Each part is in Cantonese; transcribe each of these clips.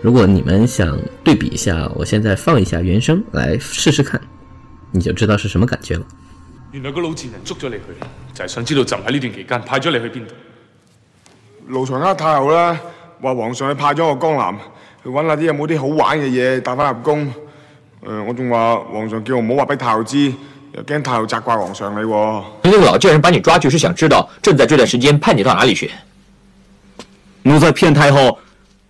如果你們想對比一下，我現在放一下原聲來試試看，你就知道是什麼感覺了。原來個老賤人捉咗你去，就係、是、想知道朕喺呢段期間派咗你去邊度。奴才呃太后啦，話皇上去派咗我江南去搵下啲有冇啲好玩嘅嘢帶翻入宮。誒、呃，我仲話皇上叫我唔好話俾太后知，又驚太后責怪皇上你、哦。那個老賤人把你抓住，是想知道朕在這段時間派你到哪裏去？奴才騙太后。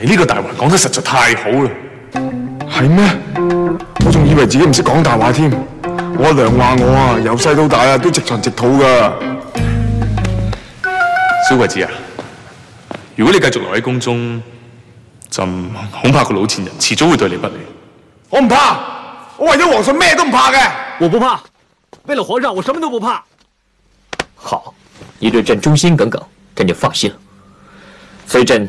你呢個大話講得實在太好啦，係咩？我仲以為自己唔識講大話添。我阿娘話我啊，由細到大啊都直腸直肚噶。小鬼子啊，如果你繼續留喺宮中，朕恐怕個老前人遲早會對你不利。我唔怕，我為咗皇上咩都唔怕嘅。我不怕，為了皇上，我什麼都不怕。好，你對朕忠心耿耿，朕就放心。所以朕。